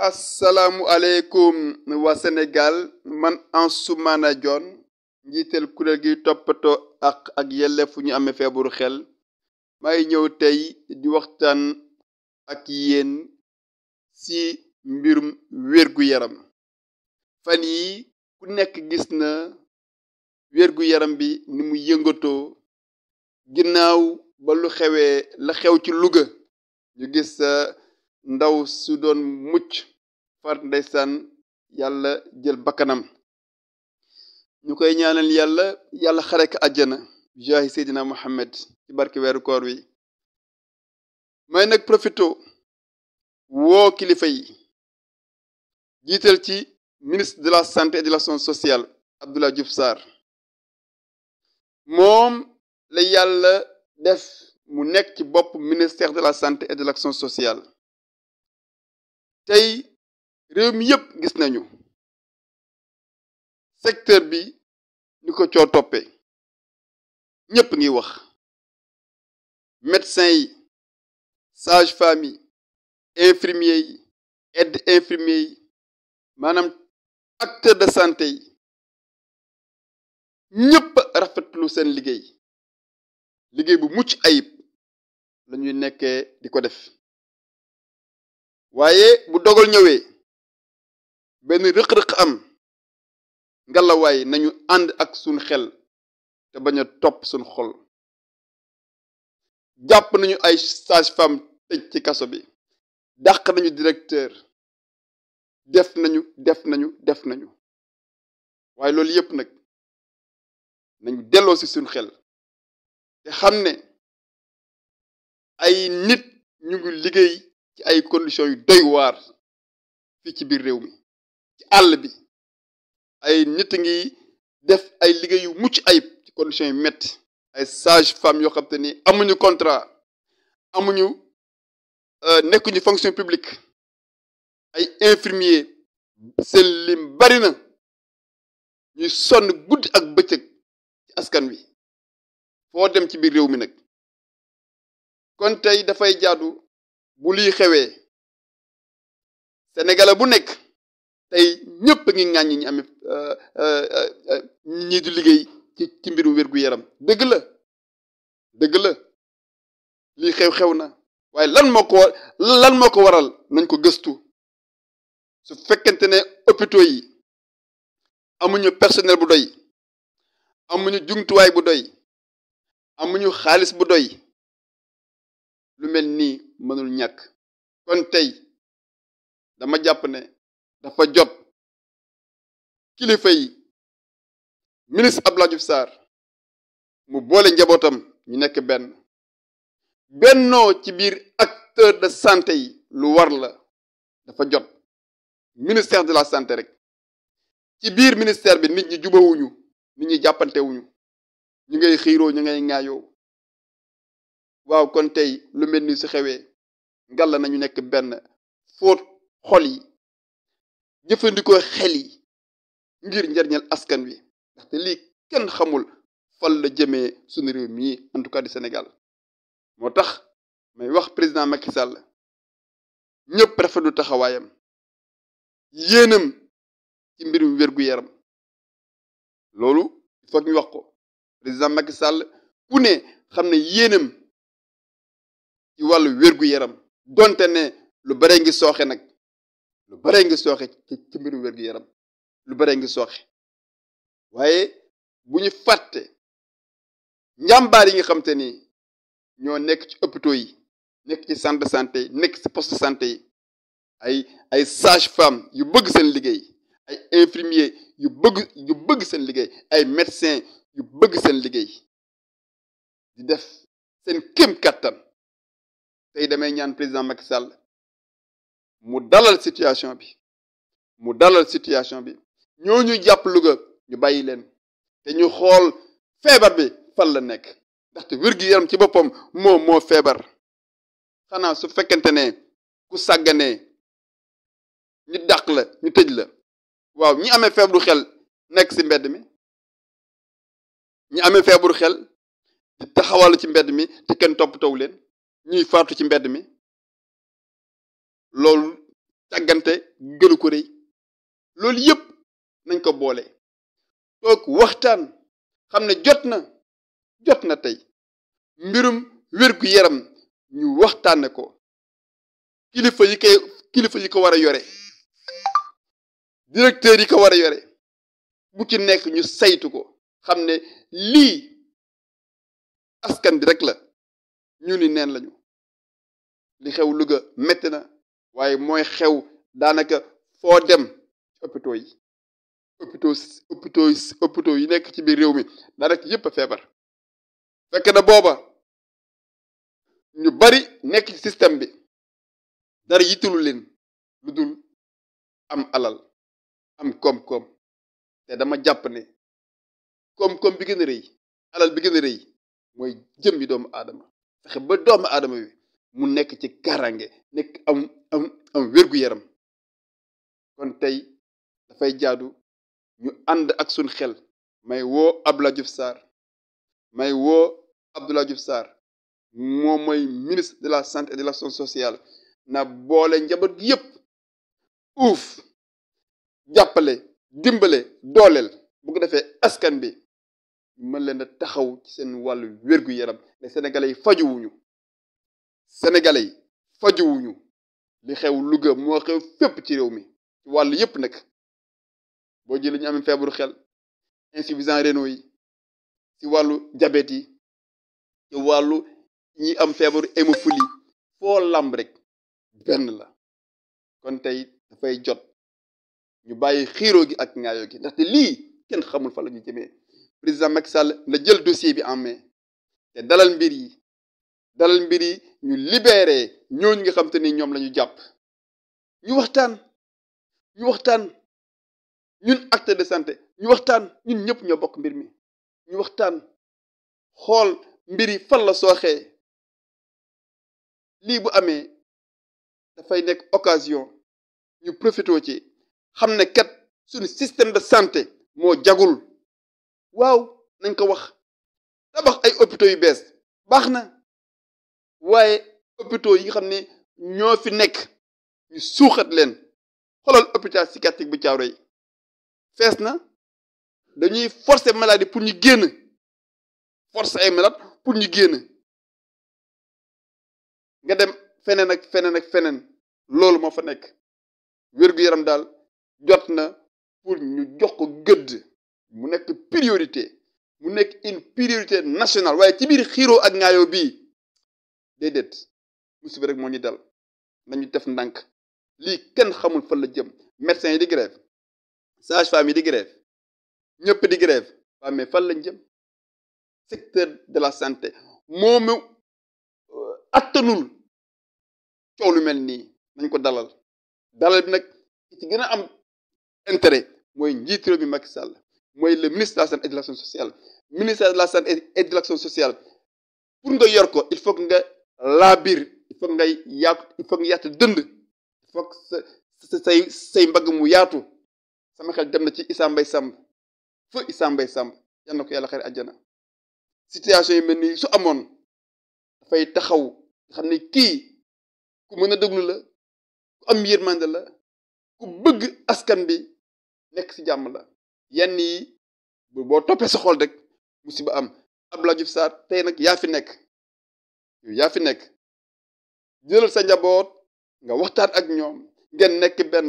asalaamualeykum wa Sénégal man Ansoumana Dione njiiteel kuréel gi toppatoo ak ak yelleef ñu amee feebaru xel may ñëw tey di waxtaan ak yéen ci mbirum wér yaram fan yi ku nekk gis na wér yaram bi ni mu yëngatoo ginnaaw ba lu xewee la xew ci Louga ñu gis ndaw su doon mucc far ndeysaan yàlla jël bakkanam ñu koy ñaanal yàlla yàlla xare ko àjjana jaahi seydina Muhammad ci barke weeru koor wi may nag profito woo kilifa yi jiital ci ministre de la santé et de l'action sociale Abdoulaye Diouf Sarr moom la yàlla des mu nekk ci bopp ministère de la santé et de l'action sociale tey réew mi yëpp gis nañu secteur bi ni ko coo toppee ñëpp ngi wax médecin yi sage femme yi infirmier yi aide infirmier yi maanaam acteur de santé yi ñëpp rafetlu seen liggéey liggéey bu mucc ayib la ñuy nekkee di ko def waaye bu dogal ñëwee benn rëq-rëq am ngalawaay nañu ànd ak suñ xel te bañ a topp suñ xol jàpp nañu ay sage-femme tëj ci kaso bi dàq nañu directeur def nañu def nañu def nañu waaye loolu yépp nag nañu delloo ci sun xel te xam ne ay nit ñu ngi liggéey ci ay conditions yu doy fii ci biir réew mi ci àll bi ay nit a ngi def ay liggéey yu mucc ayib ci condition yu métti ay sage femme yoo xam ni amuñu contrat amuñu euh, nekkuñu fonction publique ay infirmier seen lim bari na ñuy sonn guddi ak bëcëg ci askan wi foo dem ci biir réew mi nag kon tey dafay jaadu bu luy xewee sénégalais bu nekk tey ñëpp a ngi ŋàññi ñi amee euh, euh, euh, ñii di liggéey ci ci mbirum wér-gu-yaram dëgg la dëgg la lii xew-xew na waaye lan moo ko waral nañ ko gëstu su fekkente ne hôpitaux yi amuñu personnel bu doy amuñu jumtuwaay bu doy amuñu xaalis bu doy lu mel nii mënul ñàkk kon tey dama jàpp ne dafa jot kilifa yi ministre ab Diouf Sarr mu boole njabootam ñu nekk benn bennoo ci biir acteur de santé yi lu war la dafa jot ministère de la santé rek ci biir ministère bi nit ñi jubawuñu nit ñi jàppantewuñu ñu ngay xiiroo ñi ngay ŋaayoo waaw kon tey lu mel ni su xewee ngalla nañu nekk benn fóot xol yi jëfandikoo xel yi ngir njariñal askan wi ndaxte lii kenn xamul fal la jëmee suñu réew mii en tout cas du Sénégal moo tax may wax président Macky Sall ñëpp rafetlu taxawaayam yéenam ci mbirum wér yaram loolu il faut wax ko président Macky Sall ku ne xam ne yéenam ci wàllu wér yaram donte ne lu bare ngi sooxe nag lu baree ngi sooxe ci mbirum wér-gu-yaram lu baree ngi sooxe waaye bu ñu fàtte njàmbaar yi nga xam ni ñoo nekk ci hôpitaux yi nekk ci centre de santé nekk ci poste de santé ay ay sage femme yu bëgg seen liggéey ay infirmier yu bëgg bëgg seen liggéey ay médecin yu bëgg seen liggéey di def seen kéem kàttan tey damay ñaan président Macky Sall mu dalal situation bi mu dalal situation bi ñooñu jàpp Louga ñu bàyyi leen te ñu xool feebar bi fan la nekk ndaxte wir gi yaram ci boppam moom moo feebar xanaa su fekkente ne ku sàgganee ñu dàq la ñu tëj la waaw ñi amee feebaru xel nekk ci mbedd mi ñi amee feebaru xel di ci mbedd mi te kenn toppatoo leen ñuy faatu ci mbedd mi loolu càggante gënu ko rëy loolu yëpp nañ ko boole toog waxtaan xam ne jot na jot na tey mbirum wérgu yaram ñu waxtaane ko kilifa yi koy kilifa yi ko war a yore directeur yi ko war a yore bu ci nekk ñu saytu ko xam ne lii askan bi rek la ñu ni neen lañu li xew Louga metti na waaye mooy xew daanaka foo dem ci hôpitaux yi hôpitaux yi nekk ci biir réew mi daanaka yépp a feebar fekk na booba ñu bari nekk ci système bi dara yitulu leen lu dul am alal am koom-koom te dama jàpp ne koom-koom bi gën a rëy alal bi gën a rëy mooy jëmmi doomu aadama fexe ba doomu aadama bi mu nekk ci kaaraange nekk am am wér-gu-yaram kon tey dafay jaadu ñu ànd ak suñ xel may woo Abdoulaye Diouf Sarr may woo Abdoulaye Diouf Sarr moom mooy ministre de la santé de la l'action sociale na boole njaboot gi yépp uuf jàppale dimbale dooleel bu ko defee askan bi mën leen a taxaw ci seen wàllu wér yaram les sénégalais yi fajuwuñu sénégalais yi fajuwuñu li xew Louga moo xew fépp ci réew mi ci wàllu yépp nag boo jëlee ñu am feebaru xel insuffisant rénaux yi ci wàllu jabet yi ci wàllu ñi am feebaru hémophilie foo lamb rek benn la kon tey dafay jot ñu bàyyi xiiroo gi ak ngayo gi ndaxte lii kenn xamul fa la ñu jëmee président Macky Sall la jël dossier bi amee main te dalal mbir yi dalal mbir yi ñu libéré ñooñu nga xam te ni ñoom la ñu jàpp ñu waxtaan ñu waxtaan ñun acte de santé ñu waxtaan ñun ñëpp ñoo bokk mbir mi ñu waxtaan xool mbir yi fan la sooxee lii bu amee dafay nekk occasion ñu profité ci xam ne kat suñu système de santé moo jagul waaw nañ ko wax tabax ay hôpitaux yu bees baax na waaye hôpitaux yi nga xam ne ñoo fi nekk ñu suuxat leen xoolal hôpital psychiatrique bu Thiaroye fees na dañuy forcer meladi pour ñu génn force ay malade pour ñu génn nga dem feneen ak feneen ak feneen loolu moo fa nekk wérgu yaram daal jot na pour ñu jox ko gëdd mu nekk priorité mu nekk une priorité national waaye ci biir xiiro ak ngaayoo bii déedéet musiba rek moo ñu dal nañu def ndànk lii kenn xamul fan la jëm médecins yi di grève sages-femmes yi di grève ñëpp di grève waa mais fan lañ jëm secteur de la santé moomu euh, attanul coow lu mel nii nañ ko dalal dalal bi nag ci gën a am intérêt mooy njiit réew mi Macky Sall mooy le ministre de la santé et de l'action sociale ministère de la santé et de l'action sociale pour nga yor ko il faut que nga laa biir il faut ngay yaatu il faut nga yaatu dënd il faut sa say say mbag mu yaatu sama xel dem na ci Issa Mbaye Samb fa Issa Mbaye Samb yal na ko yàlla xare àjjana situation yi mel nii su amoon dafay taxaw xam ne kii ku mën a déglu la ku am yërmande la ku bëgg askan bi nekk ci jàmm la yenn yi boo toppee sa xol rek musiba am Abdoulaye Diouf Sarr tey nag yaa fi nekk yow yaa fi nekk jëlal sa njaboot nga waxtaan ak ñoom ngeen nekk benn.